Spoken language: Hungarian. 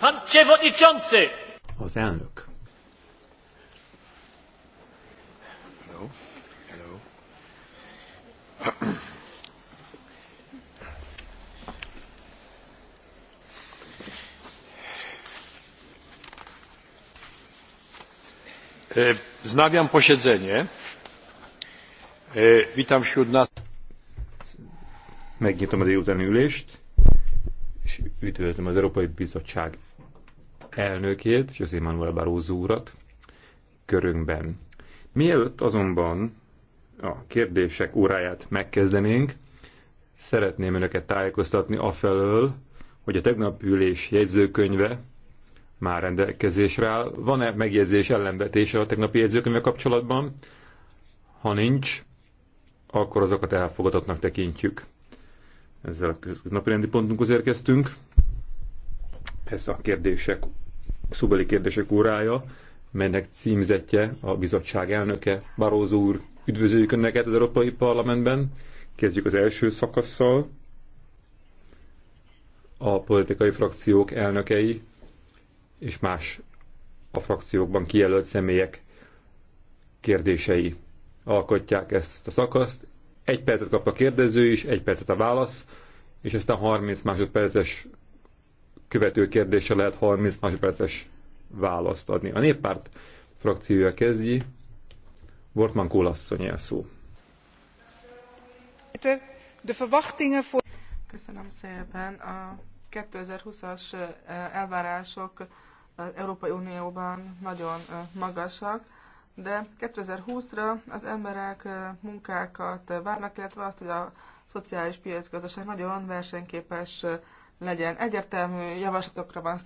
Pan przewodniczący! Az elnök. Hello. Hello. E, wznawiam posiedzenie e, witam wśród nas megnyitom a délutáni ülést és üdvözlöm az európai bizottság elnökét, José Manuel Barroso urat körünkben. Mielőtt azonban a kérdések óráját megkezdenénk, szeretném önöket tájékoztatni afelől, hogy a tegnap ülés jegyzőkönyve már rendelkezésre áll. Van-e megjegyzés ellenvetése a tegnapi jegyzőkönyve kapcsolatban? Ha nincs, akkor azokat elfogadottnak tekintjük. Ezzel a napi rendi pontunkhoz érkeztünk ez a kérdések, szubeli kérdések órája, melynek címzetje a bizottság elnöke, Barózó úr. Üdvözöljük Önneket az Európai Parlamentben. Kezdjük az első szakasszal. A politikai frakciók elnökei és más a frakciókban kijelölt személyek kérdései alkotják ezt a szakaszt. Egy percet kap a kérdező is, egy percet a válasz, és aztán 30 másodperces követő kérdése lehet 30 másodperces választ adni. A néppárt frakciója kezdi. Wortmann Kólasszony el szó. Köszönöm szépen. A 2020-as elvárások az Európai Unióban nagyon magasak, de 2020-ra az emberek munkákat várnak, illetve azt, hogy a szociális piacgazdaság nagyon versenyképes legyen. Egyértelmű javaslatokra van szükség.